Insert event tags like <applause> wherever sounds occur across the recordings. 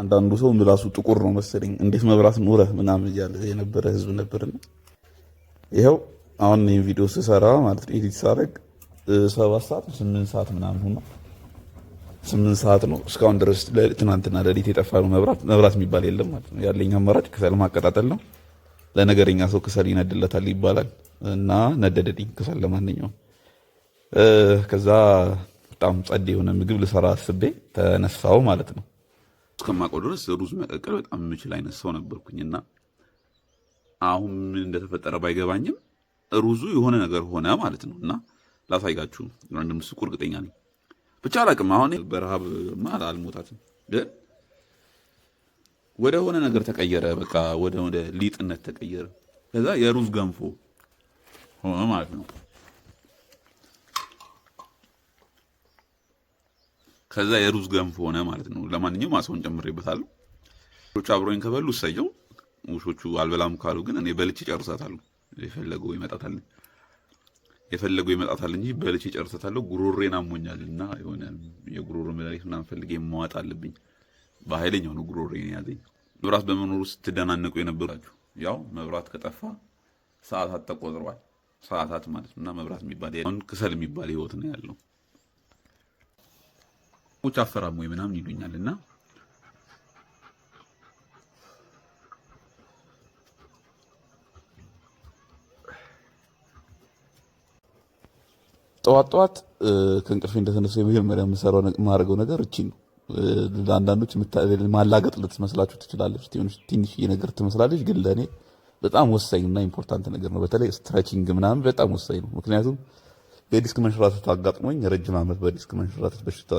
አንዳንዱ ሰው ምላሱ ጥቁር ነው መሰለኝ እንዴት መብራት ኖረ ምናምን እያለ የነበረ ህዝብ ነበርና ይኸው አሁን ይህ ቪዲዮ ስሰራ ማለት ነው ኤዲት ሳደርግ ሰባት ሰዓት ስምንት ሰዓት ምናምን ሆኖ ስምንት ሰዓት ነው እስካሁን ድረስ ትናንትና ሌሊት የጠፋ ነው መብራት መብራት የሚባል የለም ማለት ነው ያለኝ አማራጭ ክሰል ማቀጣጠል ነው ለነገረኛ ሰው ክሰል ይነድለታል ይባላል እና ነደደልኝ ክሰል ለማንኛውም ከዛ በጣም ጸዴ የሆነ ምግብ ልሰራ አስቤ ተነሳው ማለት ነው እስከማውቀው ድረስ ሩዝ መቀቀል በጣም የምችል አይነት ሰው ነበርኩኝና አሁን ምን እንደተፈጠረ ባይገባኝም ሩዙ የሆነ ነገር ሆነ ማለት ነው። እና ላሳይጋችሁ እንደምስቁ እርግጠኛ ነኝ። ብቻ አላቅም። አሁን በረሃብ አልሞታትም፣ ግን ወደ ሆነ ነገር ተቀየረ። በቃ ወደ ሊጥነት ተቀየረ። ከዛ የሩዝ ገንፎ ሆነ ማለት ነው። ከዛ የሩዝ ገንፎ ሆነ ማለት ነው። ለማንኛውም አሳውን ጨምሬበታለሁ። ውሾቹ አብሮኝ ከበሉ እሰየው። ውሾቹ አልበላም ካሉ ግን እኔ በልቼ ጨርሳታለሁ። የፈለገው ይመጣታል የፈለገው ይመጣታል እንጂ በልቼ ጨርሳታለሁ። ጉሮሬን አሞኛል እና የሆነ የጉሮሮ መድኃኒት ምናምን ፈልጌ መዋጥ አለብኝ። በኃይለኛው ነው ጉሮሬን ያዘኝ። መብራት በመኖሩ ስትደናነቁ የነበራችሁ ያው መብራት ከጠፋ ሰዓታት ተቆጥሯል። ሰዓታት ማለት ነው እና መብራት የሚባል አሁን ክሰል የሚባል ህይወት ነው ያለው ቁጭ አፈራም ወይ ምናምን ይሉኛል እና ጠዋት ጠዋት ከእንቅልፍ እንደተነሱ የመጀመሪያ የምሰራው የማደርገው ነገር እቺ ነው። ለአንዳንዶች ማላገጥ ልትመስላችሁ ትችላለች፣ ትንሽ ነገር ትመስላለች፣ ግን ለእኔ በጣም ወሳኝ እና ኢምፖርታንት ነገር ነው። በተለይ ስትረቺንግ ምናምን በጣም ወሳኝ ነው። ምክንያቱም የዲስክ መንሸራተት አጋጥሞኝ ረጅም ዓመት በዲስክ መንሸራተት በሽታ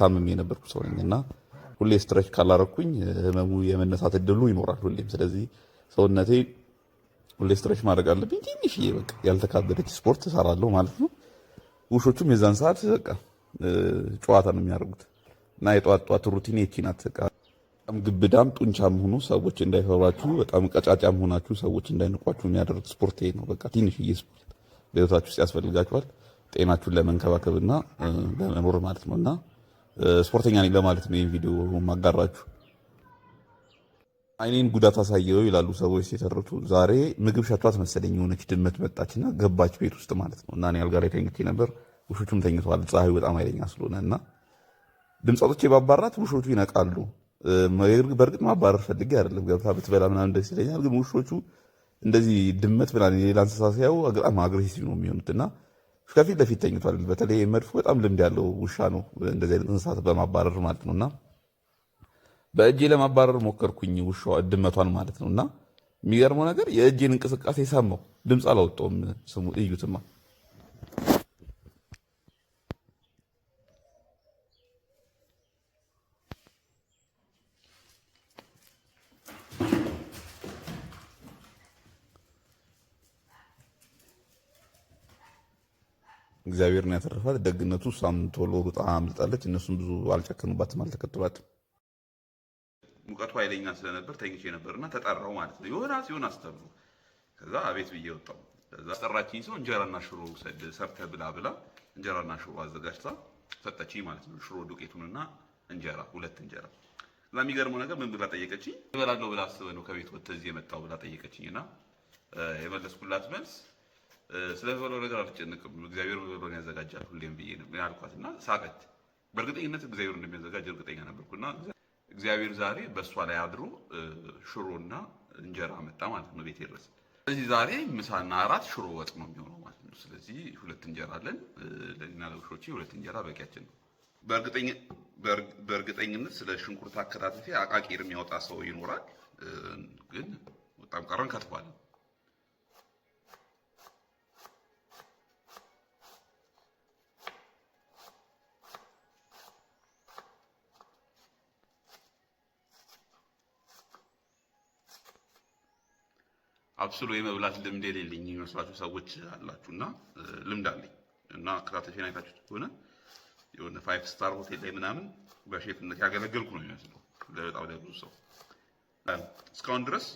ታምሜ የነበርኩ ሰው ነኝ እና ሁሌ ስትረች ካላረኩኝ ህመሙ የመነሳት እድሉ ይኖራል ሁሌም። ስለዚህ ሰውነቴ ሁሌ ስትረች ማድረግ አለብኝ። ትንሽዬ በቃ ያልተካበደች ስፖርት እሰራለሁ ማለት ነው። ውሾቹም የዛን ሰዓት በቃ ጨዋታ ነው የሚያደርጉት እና የጠዋት ጠዋት ሩቲን የቺ ናት። በጣም ግብዳም ጡንቻም ሆኑ ሰዎች እንዳይፈሯችሁ፣ በጣም ቀጫጫም ሆናችሁ ሰዎች እንዳይንቋችሁ የሚያደርግ ስፖርት ነው። በቃ ትንሽዬ ስፖርት በህይወታችሁ ውስጥ ያስፈልጋችኋል። ጤናችሁን ለመንከባከብና ለመኖር ማለት ነው እና ስፖርተኛ ነኝ ለማለት ነው ይህን ቪዲዮ ማጋራችሁ። አይኔን ጉዳት አሳየው ይላሉ ሰዎች የተረቱ። ዛሬ ምግብ ሸቷት መሰለኝ የሆነች ድመት መጣችና ገባች ቤት ውስጥ ማለት ነው እና እኔ አልጋ ላይ ተኝቼ ነበር። ውሾቹም ተኝተዋል። ፀሐዩ በጣም አይለኛ ስለሆነ እና ድምፅ ባባራት ውሾቹ ይነቃሉ። በእርግጥ ማባረር ፈልጌ አይደለም። ገብታ ብትበላ ምናምን ደስ ይለኛል፣ ግን ውሾቹ እንደዚህ ድመት ምናምን የሌላ እንስሳ ሲያዩ በጣም አግሬሲቭ ነው የሚሆኑት እና ከፊት ለፊት ተኝቷል። በተለይ መድፉ በጣም ልምድ ያለው ውሻ ነው እንደዚህ አይነት እንስሳት በማባረር ማለት ነው እና በእጄ ለማባረር ሞከርኩኝ ውሻ ድመቷን ማለት ነው እና የሚገርመው ነገር የእጄን እንቅስቃሴ ሰማው፣ ድምፅ አላወጣውም። ስሙ እዩትማ እግዚአብሔርን ያተረፋት ደግነቱ። እሷም ቶሎ ሩጣ አምልጣለች። እነሱም ብዙ አልጨከኑባትም፣ አልተከተሏትም። ሙቀቱ ኃይለኛ ስለነበር ተኝቼ ነበርና ተጠራው ማለት ነው። ዮናስ ዮናስ ተብሎ ከዛ አቤት ብዬ ወጣው ከዛ አስጠራችኝ ሰው እንጀራና ሽሮ ሰርተህ ብላ ብላ እንጀራና ሽሮ አዘጋጅታ ሰጠችኝ ማለት ነው። ሽሮ ዱቄቱንና እንጀራ ሁለት እንጀራ። ከዛ የሚገርመው ነገር ምን ብላ ጠየቀችኝ? እበላለሁ ብላ አስበህ ነው ከቤት ወጥተህ እዚህ የመጣው ብላ ጠየቀችኝ እና የመለስኩላት መልስ ስለበለው ነገር አልጨነቅም። እግዚአብሔር በበለውን ያዘጋጃል ሁሌም ብዬ ያልኳት እና ሳቀች። በእርግጠኝነት እግዚአብሔር እንደሚያዘጋጅ እርግጠኛ ነበርኩና እግዚአብሔር ዛሬ በእሷ ላይ አድሮ ሽሮና እንጀራ መጣ ማለት ነው ቤት ድረስ። ስለዚህ ዛሬ ምሳና አራት ሽሮ ወጥ ነው የሚሆነው ማለት ነው። ስለዚህ ሁለት እንጀራ አለን ለእኔና ለውሾች ሁለት እንጀራ በቂያችን ነው። በእርግጠኝነት ስለ ሽንኩርት አከታተፌ አቃቂር የሚያወጣ ሰው ይኖራል፣ ግን በጣም ቀረን ከትፏለን። አብስሎ የመብላት ልምድ የሌለኝ የሚመስላችሁ ሰዎች አላችሁና ልምድ አለኝ እና ክራቴሽን አይታችሁ ከሆነ የሆነ ፋይቭ ስታር ሆቴል ላይ ምናምን በሼፍነት ያገለገልኩ ነው የሚመስለው ለበጣም ለብዙ ሰው እስካሁን ድረስ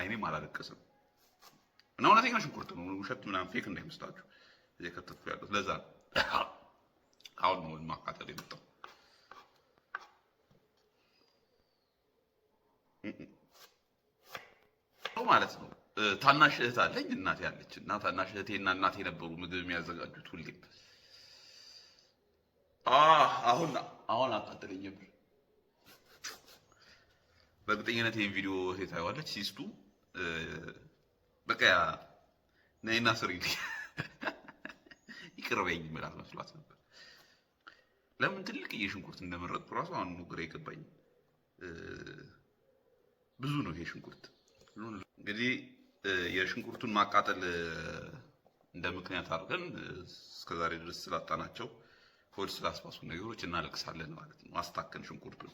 አይኔም አላለቀስም እና እውነተኛ ሽንኩርት ነው ውሸት ምናምን ፌክ እንዳይመስላችሁ እየከተትኩ ያሉት ለዛ አሁን ነው ማካተል የመጣው ማለት ነው ታናሽ እህት አለኝ እናቴ አለች እና ታናሽ እህቴና እናቴ ነበሩ ምግብ የሚያዘጋጁት ሁሌም። አሁን አሁን አቃጥለኝ ነበር። በእርግጠኝነት ይህን ቪዲዮ እህቴ ታየዋለች። ሲስቱ በቃ ነይና ስሪ ይቅርበኝ ምላት መስሏት ነበር። ለምን ትልቅዬ ሽንኩርት እንደመረጥኩ ራሱ አሁን ግራ የገባኝ ብዙ ነው ይሄ ሽንኩርት እንግዲህ የሽንኩርቱን ማቃጠል እንደ ምክንያት አድርገን እስከዛሬ ድረስ ስላጣናቸው ሆድ ስላስባሱ ነገሮች እናለቅሳለን ማለት ነው። አስታከን ሽንኩርቱን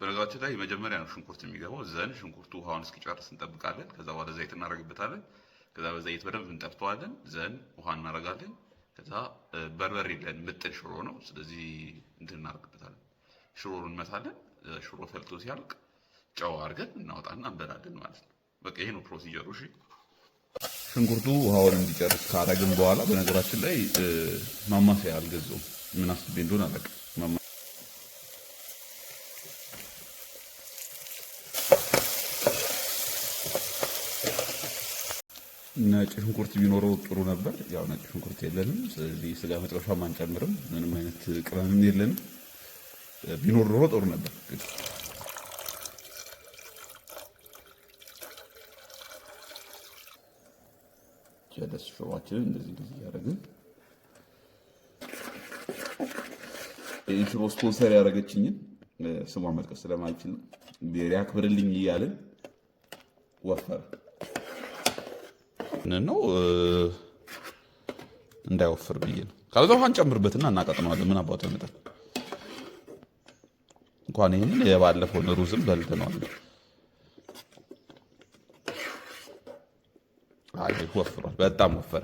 በነገራችን ላይ መጀመሪያ ነው ሽንኩርት የሚገባው። ዘን ሽንኩርቱ ውሃውን እስኪጨርስ እንጠብቃለን። ከዛ በኋላ ዘይት እናደርግበታለን። ከዛ በዘይት በደንብ እንጠብተዋለን። ዘን ውሃ እናደርጋለን። ከዛ በርበሬ የለን ምጥን ሽሮ ነው። ስለዚህ እንትን እናደርግበታለን። ሽሮ እንመታለን። ሽሮ ፈልቶ ሲያልቅ ጨው አድርገን እናወጣና እንበላለን ማለት ነው። በቃ ይሄ ነው ፕሮሲጀሩ። እሺ ሽንኩርቱ ውሃውን እንዲጨርስ ካረግን በኋላ በነገራችን ላይ ማማሰያ አልገዛውም። ምን አስቤ እንደሆነ አላውቅም። ነጭ ሽንኩርት ቢኖረው ጥሩ ነበር። ያው ነጭ ሽንኩርት የለንም። ስለዚህ ስጋ መጥረሻም አንጨምርም። ምንም አይነት ቅመምም የለንም። ቢኖር ኖሮ ጥሩ ነበር። ያደስ ሽሮአችንን እንደዚህ እንደዚህ እያደረግን ይህን ስፖንሰር ያደረገችኝን ስሟን መጥቀስ ስለማይችል ያክብርልኝ እያልን ወፈረ ነው እንዳይወፍር ብዬ ነው። ካለዛ ውሃን ጨምርበትና እናቀጥነዋለን። ምን አባቱ ይመጣል። እንኳን ይህንን የባለፈውን ሩዝም በልተነዋል። እጅግ ወፍሯል። በጣም ወፈረ፣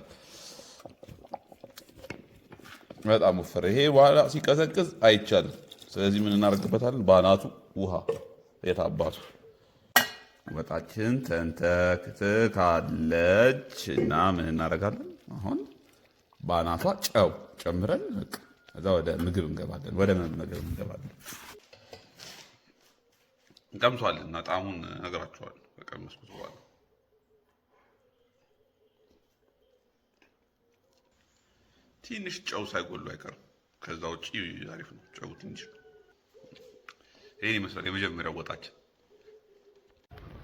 በጣም ወፈረ። ይሄ በኋላ ሲቀዘቅዝ አይቻልም። ስለዚህ ምን እናደርግበታለን? በአናቱ ውሃ የታባቱ ወጣችን ተንተክትካለች እና ምን እናደርጋለን? አሁን በአናቷ ጨው ጨምረን እዛ ወደ ምግብ እንገባለን፣ ወደ መመገብ እንገባለን። እንቀምሷለን እና ጣዕሙን እነግራችኋለሁ ከቀመስኩት በኋላ ትንሽ ጨው ሳይጎሉ አይቀርም። ከዛ ውጭ አሪፍ ነው። ጨው ትንሽ ነው። ይህን ይመስላል የመጀመሪያው ወጣችን።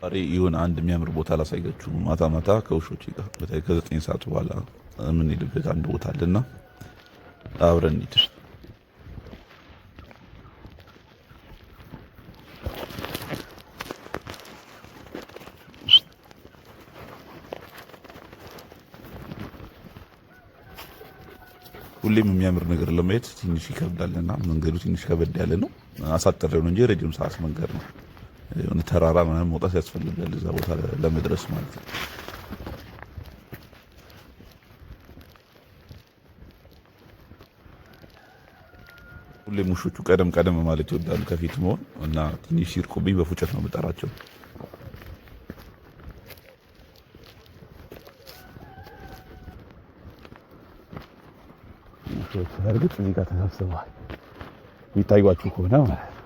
ዛሬ የሆነ አንድ የሚያምር ቦታ ላሳያችሁ። ማታ ማታ ከውሾች ጋር በተለይ ከዘጠኝ ሰዓት በኋላ የምንሄድበት አንድ ቦታ አለና አብረን ሂድ ሁሌም የሚያምር ነገር ለማየት ትንሽ ይከብዳልና መንገዱ ትንሽ ከበድ ያለ ነው። አሳጥሬው ነው እንጂ ረጅም ሰዓት መንገድ ነው። የሆነ ተራራ ምናምን መውጣት ያስፈልጋል እዛ ቦታ ለመድረስ ማለት ነው። ሁሌም ውሾቹ ቀደም ቀደም ማለት ይወዳሉ ከፊት መሆን እና ትንሽ ሲርቁብኝ በፉጨት ነው የምጠራቸው። ሰዎች በእርግጥ እዚህ ጋር ተሰብስበዋል የሚታዩችሁ ከሆነ ማለት ነው።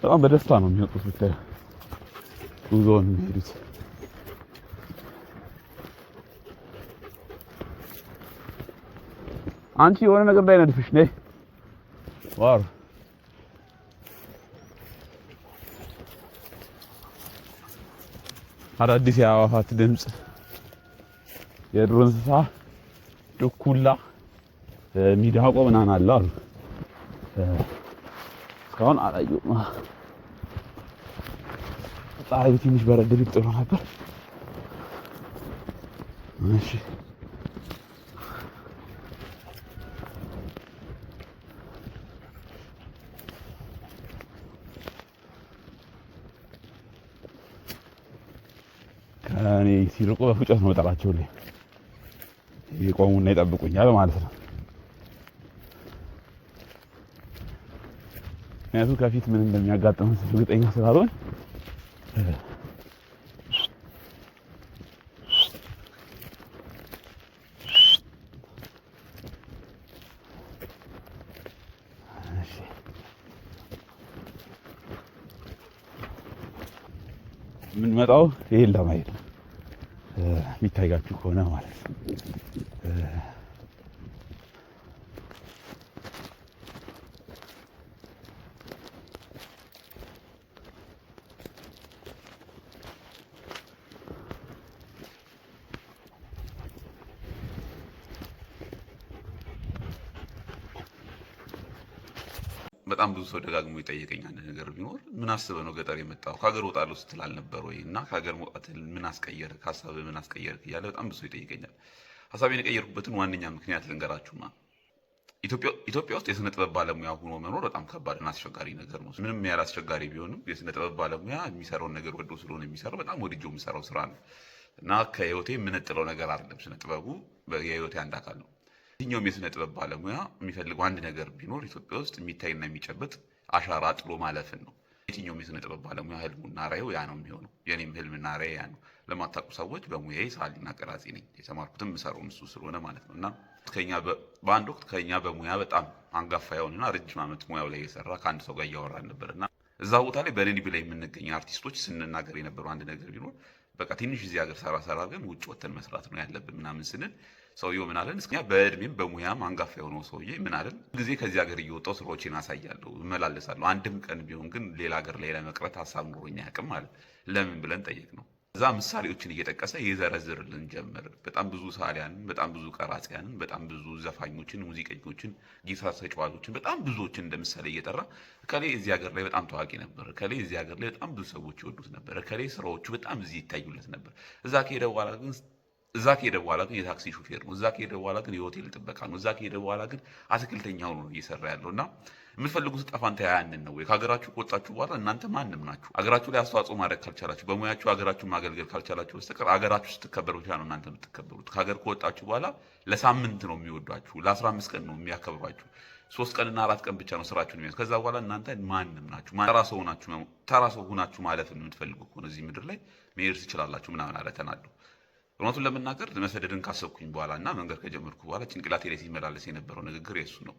በጣም በደስታ ነው የሚወጡት ብታይ ጉዞውን የሚሄዱት አንቺ የሆነ ነገር እንዳይነድፍሽ ነይ Var. አዳዲስ የአዋፋት ድምፅ፣ የዱር እንስሳ ድኩላ፣ ሚዳቆ ምናምን አለ አሉ። እስካሁን አላየሁም። ፀሐይ ትንሽ በረድ ቢል ጥሩ ነበር። እሺ እኔ ሲርቁ በፉጨት ነው ጠራቸው። ይቆሙና ይጠብቁኛል ማለት ነው። ምክንያቱም ከፊት ምን እንደሚያጋጥም እርግጠኛ ስላልሆን የምንመጣው ይሄን ለማየት みたいが聞こえながらです。ደጋግሞ የጠየቀኝ አንድ ነገር ቢኖር ምን አስበህ ነው ገጠር የመጣው? ከሀገር ወጣለሁ ስትል አልነበር ወይ? እና ከሀገር መውጣት ምን አስቀየር፣ ሀሳብህ ምን አስቀየር እያለ በጣም ብዙ ይጠይቀኛል። ሀሳቤን የቀየርኩበትን ዋነኛ ምክንያት ልንገራችሁማ። ኢትዮጵያ ውስጥ የስነ ጥበብ ባለሙያ ሆኖ መኖር በጣም ከባድና አስቸጋሪ ነገር ነው። ምንም ያህል አስቸጋሪ ቢሆንም የስነ ጥበብ ባለሙያ የሚሰራውን ነገር ወዶ ስለሆነ የሚሰራው በጣም ወድጆ የሚሰራው ስራ ነው እና ከህይወቴ የምነጥለው ነገር አይደለም። ስነ ጥበቡ የህይወቴ አንድ አካል ነው። የትኛውም የስነ ጥበብ ባለሙያ የሚፈልገው አንድ ነገር ቢኖር ኢትዮጵያ ውስጥ የሚታይና የሚጨበጥ አሻራ ጥሎ ማለፍን ነው። የትኛውም የስነ ጥበብ ባለሙያ ህልሙና ራዩ ያ ነው የሚሆነው። የኔም ህልምና ራዩ ያ ነው። ለማታውቁ ሰዎች በሙያ ሳሊና ቀራጺ ነኝ። የተማርኩትም የምሰራው እሱ ስለሆነ ማለት ነው እና በአንድ ወቅት ከኛ በሙያ በጣም አንጋፋ የሆነና ረጅም ዓመት ሙያው ላይ የሰራ ከአንድ ሰው ጋር እያወራን ነበር እና እዛ ቦታ ላይ በኔ ላይ የምንገኝ አርቲስቶች ስንናገር የነበረው አንድ ነገር ቢኖር በቃ ትንሽ እዚህ ሀገር ሰራ ሰራ አድርገን ውጭ ወተን መስራት ነው ያለብን ምናምን ስንል ሰውየው ምን አለን? እስከ በእድሜም በሙያም አንጋፋ የሆነው ሰውዬ ምን አለን? ጊዜ ከዚህ ሀገር እየወጣው ስራዎችን አሳያለሁ፣ እመላለሳለሁ። አንድም ቀን ቢሆን ግን ሌላ ሀገር ላይ ለመቅረት ሀሳብ ኑሮኛ ያቅም አለ። ለምን ብለን ጠየቅ ነው። እዛ ምሳሌዎችን እየጠቀሰ የዘረዝርልን ጀመር። በጣም ብዙ ሰዓሊያንን፣ በጣም ብዙ ቀራጺያንን፣ በጣም ብዙ ዘፋኞችን፣ ሙዚቀኞችን፣ ጊታር ተጫዋቾችን፣ በጣም ብዙዎችን እንደ ምሳሌ እየጠራ ከሌ እዚህ ሀገር ላይ በጣም ታዋቂ ነበር፣ ከሌ እዚህ ሀገር ላይ በጣም ብዙ ሰዎች ይወዱት ነበር፣ ከሌ ስራዎቹ በጣም እዚህ ይታዩለት ነበር። እዛ ከሄደ በኋላ ግን እዛ ከሄደ በኋላ ግን የታክሲ ሹፌር ነው። እዛ ከሄደ በኋላ ግን የሆቴል ጥበቃ ነው። እዛ ከሄደ በኋላ ግን አትክልተኛ ሆኖ ነው እየሰራ ያለው እና የምትፈልጉት እጣ ፈንታ ያንን ነው ወይ? ከሀገራችሁ ከወጣችሁ በኋላ እናንተ ማንም ናችሁ። ሀገራችሁ ላይ አስተዋጽኦ ማድረግ ካልቻላችሁ፣ በሙያችሁ ሀገራችሁ ማገልገል ካልቻላችሁ በስተቀር ሀገራችሁ ስትከበር ብቻ ነው እናንተ የምትከበሩት። ከሀገር ከወጣችሁ በኋላ ለሳምንት ነው የሚወዷችሁ፣ ለአስራ አምስት ቀን ነው የሚያከብሯችሁ። ሶስት ቀንና አራት ቀን ብቻ ነው ስራችሁን የሚያዝ። ከዛ በኋላ እናንተ ማንም ናችሁ። ተራ ሰው ናችሁ። ሁናችሁ ማለፍ የምትፈልጉ ከሆነ እዚህ ምድር ላይ መሄድ ትችላላችሁ ምናምን አለተናለሁ እውነቱን ለመናገር መሰደድን ካሰብኩኝ በኋላ እና መንገድ ከጀመርኩ በኋላ ጭንቅላቴ ላይ ሲመላለስ የነበረው ንግግር የሱ ነው።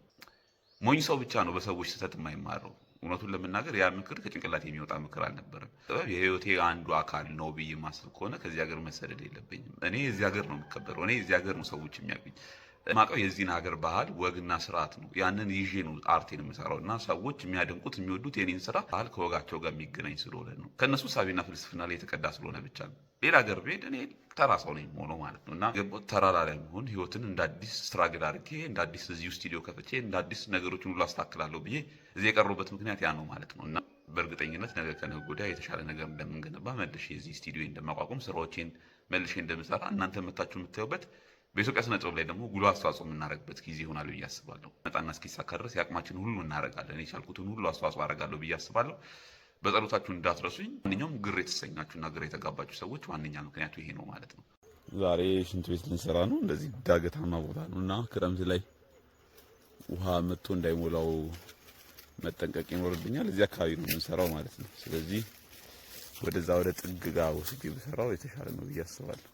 ሞኝ ሰው ብቻ ነው በሰዎች ስህተት የማይማረው። እውነቱን ለመናገር ያ ምክር ከጭንቅላት የሚወጣ ምክር አልነበረም። ጥበብ የህይወቴ አንዱ አካል ነው ብዬ ማሰብ ከሆነ ከዚህ ሀገር መሰደድ የለብኝም። እኔ የዚህ ሀገር ነው የምከበረው። እኔ የዚህ ሀገር ነው ሰዎች የሚያገኝ ማቀው የዚህን ሀገር ባህል ወግና ስርዓት ነው። ያንን ይዤ ነው አርቴን የምሰራው እና ሰዎች የሚያደንቁት የሚወዱት የኔን ስራ ባህል ከወጋቸው ጋር የሚገናኝ ስለሆነ ነው። ከእነሱ ሳቢና ፍልስፍና ላይ የተቀዳ ስለሆነ ብቻ ነው። ሌላ ሀገር ብሄድ እኔ ተራ ሰው ነኝ ሆኖ ማለት ነው። እና ተራራ ላይ መሆን ህይወትን እንደ አዲስ ስትራግል አድርጌ እንደ አዲስ እዚሁ ስቱዲዮ ከፍቼ እንደ አዲስ ነገሮችን ሁሉ አስታክላለሁ ብዬ እዚህ የቀሩበት ምክንያት ያ ነው ማለት ነው። እና በእርግጠኝነት ነገ ከነገ ወዲያ የተሻለ ነገር እንደምንገነባ መልሼ እዚህ ስቱዲዮ እንደማቋቁም ስራዎቼን መልሼ እንደምሰራ እናንተ መታችሁ የምታዩበት በኢትዮጵያ ስነ ጥበብ ላይ ደግሞ ጉሎ አስተዋጽኦ የምናደርግበት ጊዜ ይሆናል ብዬ አስባለሁ። መጣና እስኪሳካ ድረስ የአቅማችን ሁሉ እናደርጋለን። የቻልኩትን ሁሉ አስተዋጽኦ አደርጋለሁ ብዬ አስባለሁ። በጸሎታችሁ እንዳትረሱኝ። ማንኛውም ግር የተሰኛችሁና ግር የተጋባችሁ ሰዎች ዋነኛ ምክንያቱ ይሄ ነው ማለት ነው። ዛሬ ሽንት ቤት ልንሰራ ነው። እንደዚህ ዳገታማ ቦታ ነው እና ክረምት ላይ ውሃ መጥቶ እንዳይሞላው መጠንቀቅ ይኖርብኛል። እዚህ አካባቢ ነው የምንሰራው ማለት ነው። ስለዚህ ወደዛ ወደ ጥግ ጋር ወስጄ ብሰራው የተሻለ ነው ብዬ አስባለሁ።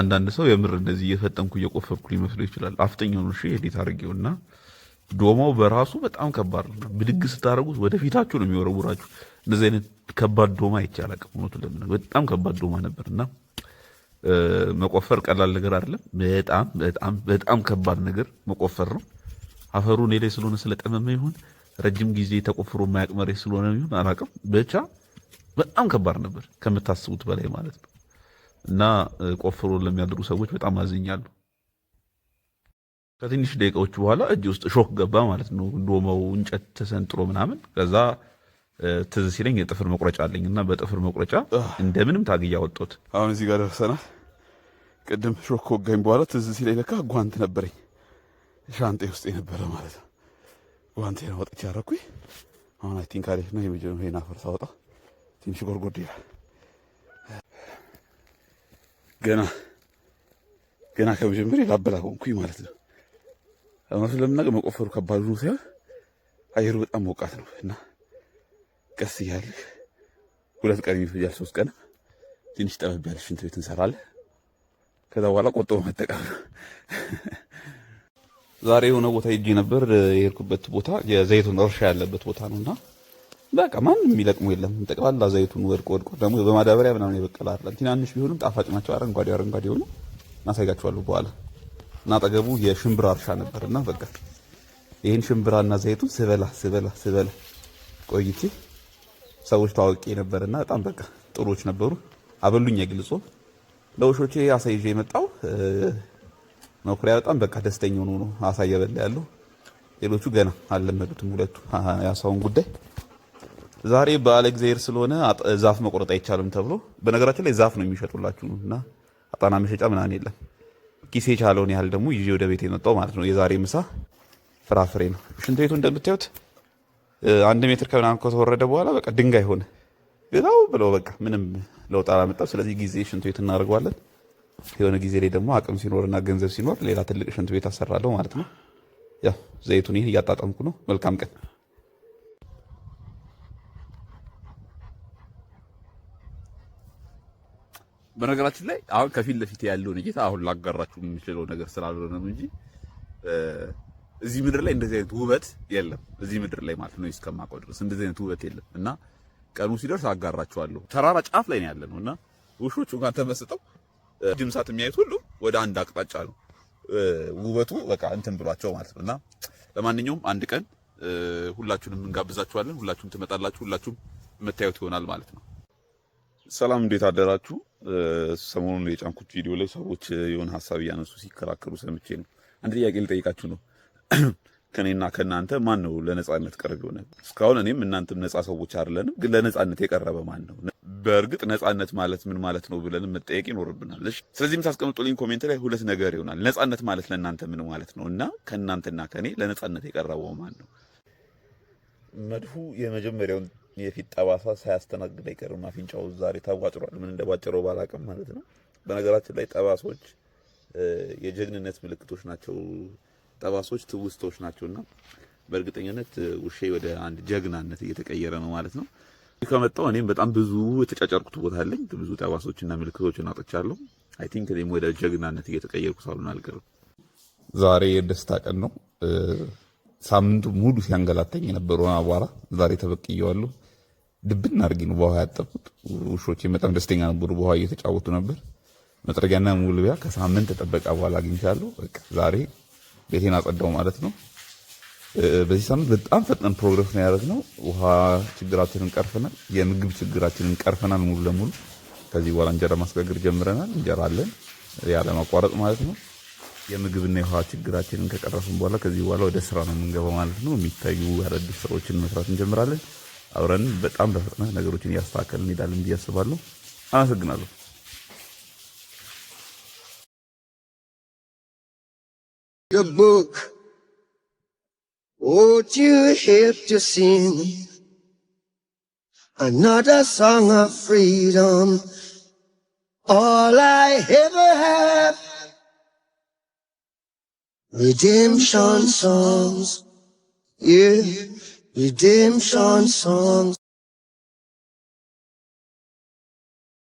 አንዳንድ ሰው የምር እንደዚህ እየፈጠንኩ እየቆፈርኩ ሊመስለው ይችላል። አፍጠኛውን እሺ አድርጌው እና ዶማው በራሱ በጣም ከባድ ነው። ብድግ ስታደርጉት ወደፊታችሁ ነው የሚወረውራችሁ። እንደዚህ አይነት ከባድ ዶማ ይቻላል። እውነቱን ለምን በጣም ከባድ ዶማ ነበር እና መቆፈር ቀላል ነገር አይደለም። በጣም በጣም በጣም ከባድ ነገር መቆፈር ነው። አፈሩ እኔ ላይ ስለሆነ ስለቀመመ ይሁን ረጅም ጊዜ ተቆፍሮ የማያቅ መሬት ስለሆነ ይሁን አላቅም። ብቻ በጣም ከባድ ነበር ከምታስቡት በላይ ማለት ነው። እና ቆፍሮ ለሚያድሩ ሰዎች በጣም አዝኛለሁ። ከትንሽ ደቂቃዎች በኋላ እጅ ውስጥ ሾክ ገባ ማለት ነው። ዶመው እንጨት ተሰንጥሮ ምናምን። ከዛ ትዝ ሲለኝ የጥፍር መቁረጫ አለኝ እና በጥፍር መቁረጫ እንደምንም ታግያ ወጦት። አሁን እዚህ ጋር ደርሰናል። ቅድም ሾክ ከወጋኝ በኋላ ትዝ ሲለኝ ለካ ጓንት ነበረኝ ሻንጤ ውስጥ የነበረ ማለት ነው። ጓንቴ ነው አውጥቼ ያረኩኝ። አሁን አይ ቲንክ አሪፍ ነው። የመጀመሪያ ናፈር ሳወጣ ትንሽ ጎርጎድ ይላል። ገና ገና ከመጀመሪያ ላበላኩኝ ማለት ነው። እውነቱን ለምናውቅ መቆፈሩ ከባድ ሆኖ ሳይሆን አየሩ በጣም ሞቃት ነው እና ቀስ እያልክ ሁለት ቀን የሚፈጃል ሶስት ቀን ትንሽ ጠበብ ያለ ሽንት ቤት እንሰራለን። ከዛ በኋላ ቆጥቦ መጠቀም ዛሬ የሆነ ቦታ ሄጄ ነበር። የሄድኩበት ቦታ የዘይቱን እርሻ ያለበት ቦታ ነው እና በቃ ማንም የሚለቅሙ የለም። ጠቅላላ ዘይቱን ወድቆ ወድቆ ደግሞ በማዳበሪያ ምናምን የበቀለ አይደለም። ትናንሽ ቢሆንም ጣፋጭ ናቸው። አረንጓዴ አረንጓዴ ሆኑ እናሳይጋችኋለሁ በኋላ እና አጠገቡ የሽምብራ እርሻ ነበር እና በቃ ይህን ሽምብራና ዘይቱን ስበላ ስበላ ስበላ ቆይቼ ሰዎች ታዋቂ ነበርና በጣም በቃ ጥሩዎች ነበሩ። አበሉኝ የግልጾ ለውሾቼ አሳ ይዤ የመጣው መኩሪያ በጣም በቃ ደስተኛ ሆኖ ነው አሳ እየበላ ያለው። ሌሎቹ ገና አልለመዱትም። ሁለቱ የአሳውን ጉዳይ ዛሬ በዓለ እግዚአብሔር ስለሆነ ዛፍ መቁረጥ አይቻልም ተብሎ፣ በነገራችን ላይ ዛፍ ነው የሚሸጡላችሁ እና አጣና መሸጫ ምናምን የለም። ኪሴ የቻለውን ያህል ደግሞ ይዤ ወደ ቤት የመጣው ማለት ነው። የዛሬ ምሳ ፍራፍሬ ነው። ሽንት ቤቱ እንደምታዩት አንድ ሜትር ከምናምን ከተወረደ በኋላ በቃ ድንጋይ ሆነ ግዛው ብለው በቃ ምንም ለውጥ አላመጣም። ስለዚህ ጊዜ ሽንት ቤት እናደርገዋለን። የሆነ ጊዜ ላይ ደግሞ አቅም ሲኖርና ገንዘብ ሲኖር ሌላ ትልቅ ሽንት ቤት አሰራለሁ ማለት ነው። ያው ዘይቱን ይህን እያጣጠምኩ ነው። መልካም ቀን በነገራችን ላይ አሁን ከፊት ለፊት ያለውን እይታ አሁን ላጋራችሁ የምችለው ነገር ስላልሆነ ነው እንጂ እዚህ ምድር ላይ እንደዚህ አይነት ውበት የለም። እዚህ ምድር ላይ ማለት ነው እስከማውቀው ድረስ እንደዚህ አይነት ውበት የለም እና ቀኑ ሲደርስ አጋራችኋለሁ። ተራራ ጫፍ ላይ ነው ያለ ነው እና ውሾቹ ጋር ተመስጠው ድምሳት የሚያዩት ሁሉ ወደ አንድ አቅጣጫ ነው። ውበቱ በቃ እንትን ብሏቸው ማለት ነው እና ለማንኛውም አንድ ቀን ሁላችሁንም እንጋብዛችኋለን። ሁላችሁም ትመጣላችሁ፣ ሁላችሁም የምታዩት ይሆናል ማለት ነው። ሰላም፣ እንዴት አደራችሁ? ሰሞኑን የጫንኩት ቪዲዮ ላይ ሰዎች የሆነ ሀሳብ እያነሱ ሲከራከሩ ሰምቼ ነው። አንድ ጥያቄ ልጠይቃችሁ ነው። <clears throat> ከእኔና ከእናንተ ማን ነው ለነጻነት ቅርብ የሆነ? እስካሁን እኔም እናንተም ነጻ ሰዎች አይደለንም፣ ግን ለነጻነት የቀረበ ማን ነው? በእርግጥ ነጻነት ማለት ምን ማለት ነው ብለን መጠየቅ ይኖርብናል። ስለዚህ የምታስቀምጡልኝ ኮሜንት ላይ ሁለት ነገር ይሆናል። ነጻነት ማለት ለእናንተ ምን ማለት ነው እና ከእናንተና ከእኔ ለነጻነት የቀረበው ማን ነው? መድሁ የመጀመሪያውን የፊት ጠባሳ ሳያስተናግድ አይቀርም። አፍንጫው ዛሬ ተቧጭሯል ምን እንደቧጭረው ባላቅም ማለት ነው። በነገራችን ላይ ጠባሶች የጀግንነት ምልክቶች ናቸው። ጠባሶች ትውስቶች ናቸውና በእርግጠኝነት ውሼ ወደ አንድ ጀግናነት እየተቀየረ ነው ማለት ነው። ከመጣው እኔም በጣም ብዙ የተጫጫርኩት ቦታ አለኝ። ብዙ ጠባሶችና ምልክቶችን አውጥቻለሁ። አይ ቲንክ እኔም ወደ ጀግናነት እየተቀየርኩ ሳሉን አልቀርም። ዛሬ የደስታ ቀን ነው። ሳምንቱ ሙሉ ሲያንገላታኝ የነበረውን አቧራ ዛሬ ተበቅየዋለሁ። ድብና አድርጌ ነው በውሃ ያጠብኩት። ውሾች በጣም ደስተኛ ነበሩ፣ በውሃ እየተጫወቱ ነበር። መጥረጊያና መወልወያ ከሳምንት ጥበቃ በኋላ አግኝቻለሁ። ዛሬ ቤቴን አጸዳው ማለት ነው። በዚህ ሳምንት በጣም ፈጥነን ፕሮግረስ ነው ያደረግነው። ውሃ ችግራችንን ቀርፈናል። የምግብ ችግራችንን ቀርፈናል ሙሉ ለሙሉ። ከዚህ በኋላ እንጀራ ማስጋገር ጀምረናል። እንጀራ አለን ያለማቋረጥ ማለት ነው። የምግብና የውሃ ችግራችንን ከቀረፍን በኋላ ከዚህ በኋላ ወደ ስራ ነው የምንገባው ማለት ነው። የሚታዩ አዳዲስ ስራዎችን መስራት እንጀምራለን። አብረን በጣም ነገሮችን እያስተካከልን እንሄዳለን ብዬ አስባለሁ። አመሰግናለሁ። The book Would you have to sing another song of freedom? All I ever have redemption songs, yeah redemption songs.